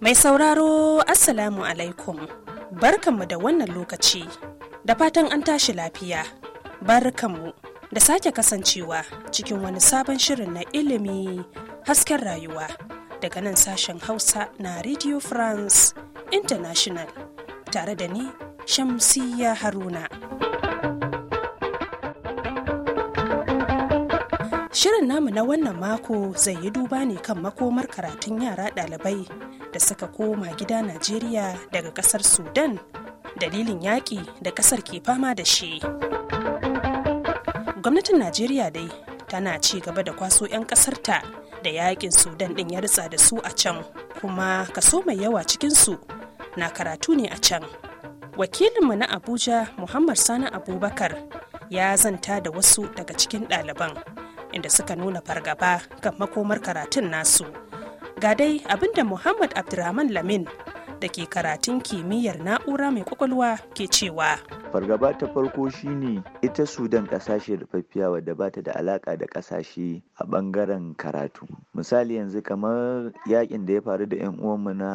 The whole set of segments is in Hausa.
Mai sauraro Assalamu alaikum barkanmu da wannan lokaci da fatan an tashi lafiya barkanmu da sake kasancewa cikin wani sabon shirin na ilimi hasken rayuwa daga nan sashen Hausa na Radio France International tare da ni Shamsiyya Haruna. Shirin namu na wannan mako zai yi duba ne kan makomar karatun yara ɗalibai da suka koma gida najeriya daga kasar sudan dalilin yaƙi da kasar ke fama da shi gwamnatin najeriya dai tana ci gaba da kwaso 'yan ƙasarta da yaƙin sudan ɗin ya ritsa da su a can kuma kaso mai yawa cikinsu na karatu ne a can wakilinmu na abuja muhammad sani abubakar ya zanta da wasu daga cikin ɗaliban inda suka nuna fargaba kan makomar karatun nasu ga dai abinda muhammad abdulrahman lamin da ke karatun kimiyyar na'ura mai kwakwalwa ke cewa fargaba ta farko shine ita sudan kasashe rufaffiya wadda ba ta da alaka da kasashe a bangaren karatu misali yanzu kamar yakin da ya faru da 'yan uwanmu na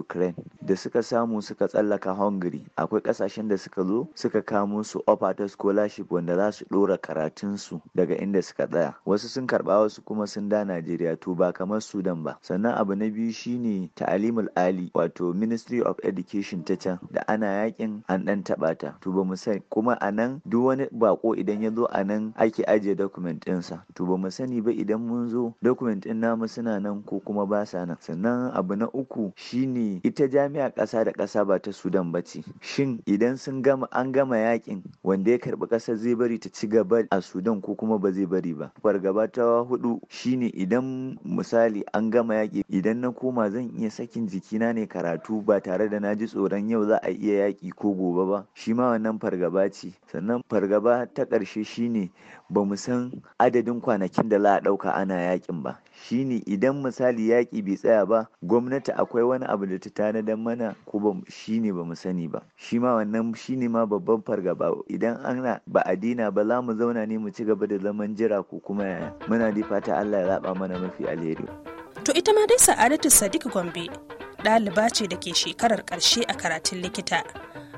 ukraine da suka samu suka tsallaka hungary akwai kasashen da suka zo suka kamo su offer ta scholarship wanda za su dora karatunsu daga inda suka tsaya wasu sun karba wasu kuma sun da najeriya to ba kamar sudan ba sannan abu na biyu shine ta'alimul ali wato ministry of education ta can da ana yakin an dan taba ta to ba mu sani kuma a nan duk wani bako idan ya zo a nan ake ajiye document ɗinsa to ba mu sani ba idan mun zo document ɗin namu suna nan ko kuma ba sa nan sannan abu na uku shine ita jami'a jami'ar ƙasa da ƙasa ba ta Sudan ba ce. Shin idan sun gama an gama yakin wanda ya karbi ƙasar zai bari ta ci gaba a Sudan ko kuma ba zai bari ba. Fargaba ta hudu shine idan misali an gama yaki idan na koma zan iya sakin jikina ne karatu ba tare da na ji tsoron yau za a iya yaki ko gobe ba. Shi ma wannan fargaba ce. Sannan fargaba ta ƙarshe shine ba mu san adadin kwanakin da za a ɗauka ana yakin ba. Shine idan misali yaƙi bai tsaya ba gwamnati akwai wani abu da ta tanadar mana ko ba shi ne ba mu sani ba shi ma wannan shi ne ma babban fargaba idan ana ba a dina ba za mu zauna ne mu ci gaba da zaman jira ko kuma yaya muna da fata Allah ya zaba mana mafi alheri to ita ma dai Sa'adatu Sadiq Gombe ɗaliba ce da ke shekarar ƙarshe a karatun likita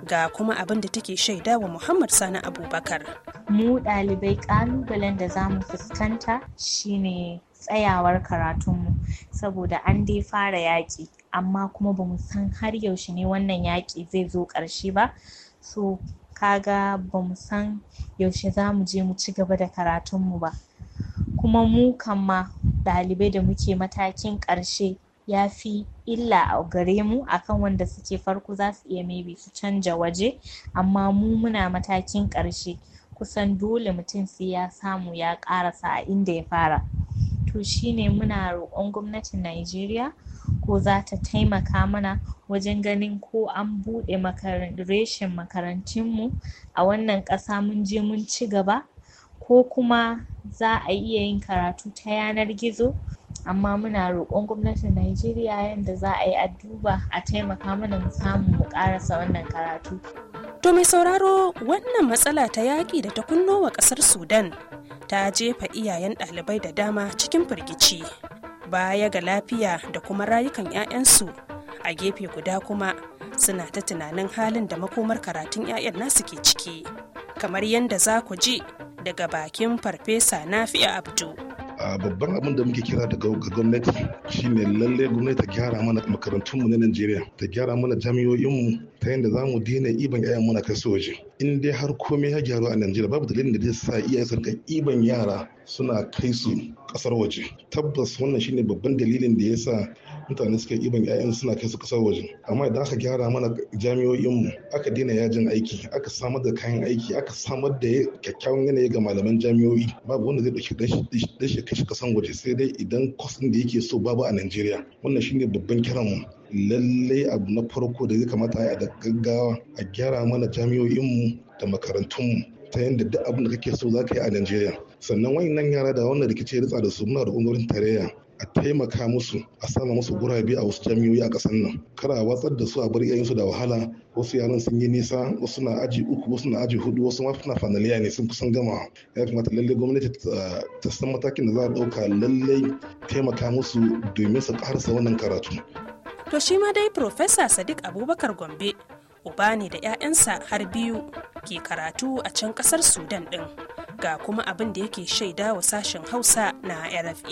ga kuma abin da take shaida wa Muhammad Sani Abubakar. Mu ɗalibai ƙalubalen da za mu fuskanta shine tsayawar karatunmu saboda an dai fara yaƙi amma kuma ba mu san har yaushe ne wannan yaƙi zai zo ƙarshe ba so kaga ba mu san yaushe za mu je mu ci gaba da karatun mu ba kuma mu ma ɗalibai da muke matakin ƙarshe ya fi illa a gare mu akan wanda suke farko za su iya maybe su canja waje amma mu muna matakin ƙarshe kusan dole mutum sai ya samu ya ƙarasa a inda ya fara to shine muna roƙon gwamnatin Najeriya ko za ta taimaka mana wajen ganin ko an buɗe reshen makarantunmu a wannan ƙasa mun je mun ci gaba ko kuma za a iya yin karatu ta yanar gizo amma muna roƙon gwamnatin Najeriya yadda za a yi a duba a taimaka mana mu samu mu ƙarasa wannan karatu. To mai sauraro wannan matsala ta yaƙi da ta kunnowa ƙasar Sudan ta jefa iyayen ɗalibai da dama cikin firgici. baya ga lafiya da kuma rayukan 'ya'yansu a gefe guda kuma suna ta tunanin halin da makomar karatun 'ya'yan nasu ke ciki kamar yadda za ku ji daga bakin farfesa nafi'a abdu a babban abin da muke kira daga gwamnati shine lalle gwamnati ta gyara mana makarantunmu na najeriya ta gyara mana jami'o'inmu ta yadda za mu daina iban 'ya'yan muna kai su waje in dai har komai ya gyaru a Najeriya babu dalilin da zai sa iyaye su iban yara suna kai su kasar waje tabbas wannan shine babban dalilin da ya sa mutane suka iban 'ya'yan suna kai su kasar waje amma idan aka gyara mana jami'o'inmu aka daina yajin aiki aka samar da kayan aiki aka samar da kyakkyawan yanayi ga malaman jami'o'i babu wanda zai ɗauki dashi kai shi ƙasar waje sai dai idan kwas da yake so babu a Najeriya wannan shine babban kiran mu lallai abu na farko da zai kamata a da gaggawa a gyara mana jami'o'inmu da makarantunmu ta yadda duk abin da kake so za ka yi a Najeriya. Sannan wayannan yara da wannan rikici ritsa da su muna da gwamnatin tarayya a taimaka musu a sama musu gurabe a wasu jami'o'i a ƙasar nan kada a watsar da su a bar 'ya'yansu da wahala wasu yaran sun yi nisa wasu na aji uku wasu na aji hudu wasu ma suna fanaliya ne sun kusan gama ya kamata lallai gwamnati ta san matakin da za a ɗauka lallai taimaka musu domin su ƙarasa wannan karatu to shi ma dai Profesa Sadiq Abubakar Gombe uba ne da 'ya'yansa har biyu ke karatu a can kasar Sudan ɗin. ga kuma abin da yake shaida wa sashen hausa na rfa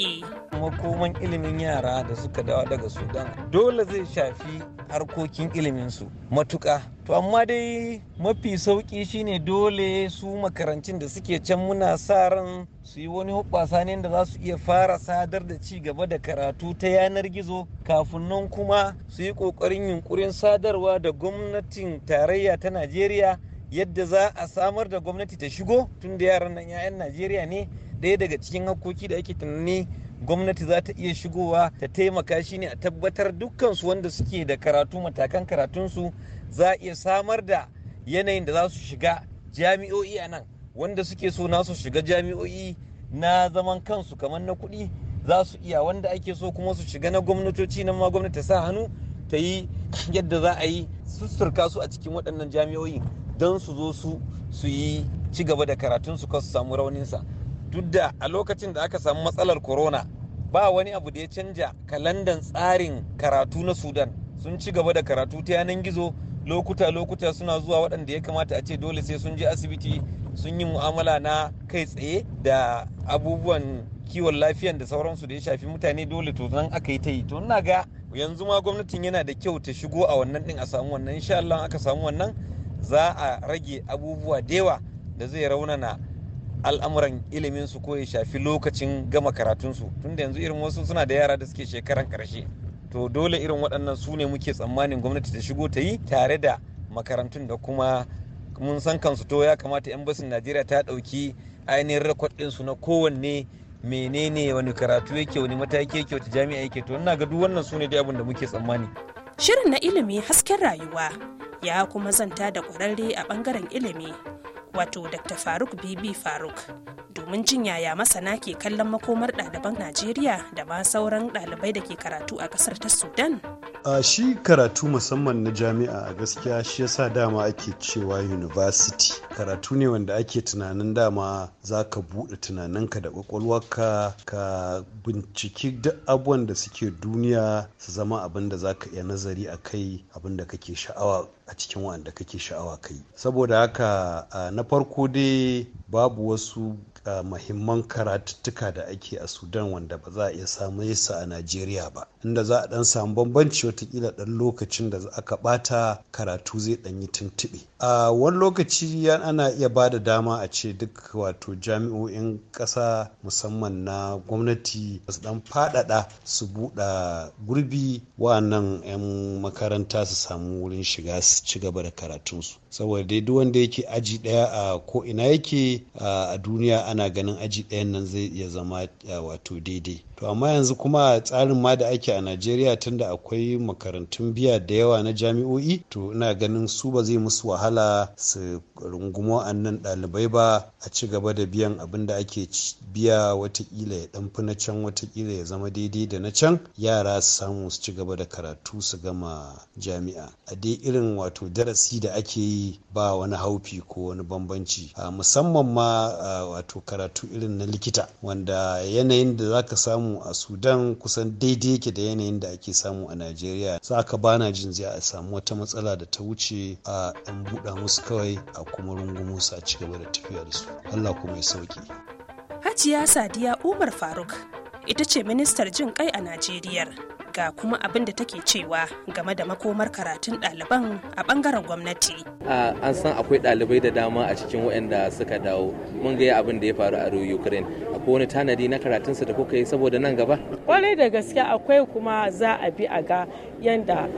makoman ilimin yara da suka dawo daga sudan dole zai shafi harkokin iliminsu matuka to amma dai mafi sauki shine dole su makarancin da suke can muna sa ran su yi wani hubbasa ne da za su iya fara sadar da ci gaba da karatu ta yanar gizo kafin nan kuma su yi kokarin yunkurin sadarwa da gwamnatin tarayya ta najeriya yadda za a samar da gwamnati ta shigo tun da yaran nan 'ya'yan najeriya ne ɗaya daga cikin hakoki da ake tunani gwamnati za ta iya shigowa ta taimaka shi ne a tabbatar dukkansu wanda suke da karatu matakan karatunsu za a iya samar da yanayin da za su shiga jami'o'i a nan wanda suke so na su shiga jami'o'i na zaman kansu kamar na kuɗi za su iya wanda ake so kuma su shiga na gwamnatoci nan ma gwamnati ta sa hannu ta yi yadda za a yi sussurka su a cikin waɗannan jami'o'i don su zo su su yi ci gaba da karatun su su samu rauninsa duk da a lokacin da aka samu matsalar corona ba wani abu da ya canja kalandan tsarin karatu na sudan sun ci gaba da karatu ta yanan gizo lokuta lokuta suna zuwa waɗanda ya kamata a ce dole sai sun je asibiti sun yi mu'amala na kai tsaye da abubuwan kiwon lafiyan da sauransu da ya shafi mutane dole to nan aka yi ta yi to ina ga yanzu ma gwamnatin yana da kyau ta shigo a wannan din a samu wannan insha Allah aka samu wannan za a rage abubuwa da yawa da zai raunana al'amuran ilimin su ko ya shafi lokacin gama karatunsu tunda yanzu irin wasu suna da yara da suke shekaran karshe to dole irin waɗannan su ne muke tsammanin gwamnati ta shigo ta yi tare da makarantun da kuma mun san kansu to ya kamata 'yan basin najeriya ta ɗauki ainihin rekod su na kowanne menene wani karatu yake wani mataki yake wata jami'a yake to ina ga duk wannan su ne dai abin da muke tsammani shirin na ilimi hasken rayuwa ya kuma zanta da ƙwararre a ɓangaren ilimi wato dr faruk bibi faruk domin jin yaya masana ke kallon makomar ɗaliban najeriya da ma sauran ɗalibai da ke karatu a ƙasar ta sudan a shi karatu musamman na jami'a a gaskiya shi yasa dama ake cewa university karatu ne wanda ake tunanin dama za ka buɗe tunaninka da ƙwaƙwalwarka ka binciki duk abubuwan da suke duniya su zama abin da za ka iya nazari a kai abin da kake sha'awa a cikin waanda kake sha'awa kai saboda haka na farko dai babu wasu Uh, mahimman karatuttuka da ake a sudan wanda ba za a iya samun yasa a najeriya ba inda za a dan samu bambanci watakila dan lokacin da aka bata karatu zai dan yi tuntuɓe a wani lokaci ana iya ba da dama a ce duk wato jami'o'in ƙasa musamman na gwamnati su dan faɗaɗa su buɗa gurbi wa nan 'yan makaranta su samu wurin shiga su ci gaba da karatunsu saboda dai duk wanda yake aji daya a ko ina yake a duniya ana ganin aji ɗayan nan zai iya zama wato daidai to amma yanzu kuma tsarin ma da ake a najeriya tunda akwai makarantun biya da yawa na jami'o'i to ina ganin su ba zai musu wahala su rungumo nan ɗalibai ba a ci gaba da biyan abin da ake biya watakila ya ɗanfi na can watakila ya zama daidai da na can yara su samu su ci gaba da karatu su gama jami'a a dai irin wato darasi da ake yi ba wani haufi ko wani bambanci musamman ma wato karatu irin na likita wanda yanayin da za ka samu a sudan kusan daidai yake da yanayin da ake samu a najeriya za ka bana jin za a samu wata matsala da ta wuce a ɗan buɗa musu kawai a kuma rungumo su a ci gaba da tafiya da su allah kuma ya sauki hajiya sadiya umar faruk ita ce ministar jin kai a Najeriya. ga kuma abin da take cewa game da makomar karatun ɗaliban a bangaren gwamnati. An san akwai ɗalibai da dama a cikin waɗanda suka dawo mun ga abin da ya faru a Ukraine akwai wani tanadi na karatunsa da kuka yi saboda nan gaba? Kwarai da gaske akwai kuma za a bi a ga yanda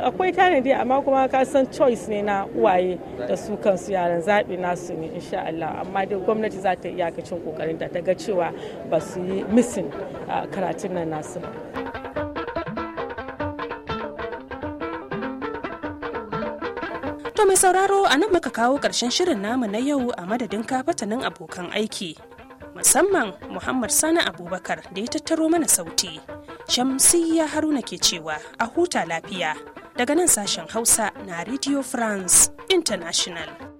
akwai tanadi amma kuma ka san choice ne na uwaye da su kansu yaran zaɓi nasu ne insha Allah amma dai gwamnati za ta iyakacin kokarin da ta ga cewa ba su yi missing karatun nan nasu ba. To mai sauraro a nan muka kawo ƙarshen shirin namu na yau a madadin kafatanin abokan aiki. Musamman Muhammad Sani Abubakar da ya tattaro mana sauti. Shamsiyya Haruna ke cewa a huta lafiya daga nan sashen Hausa na Radio France International.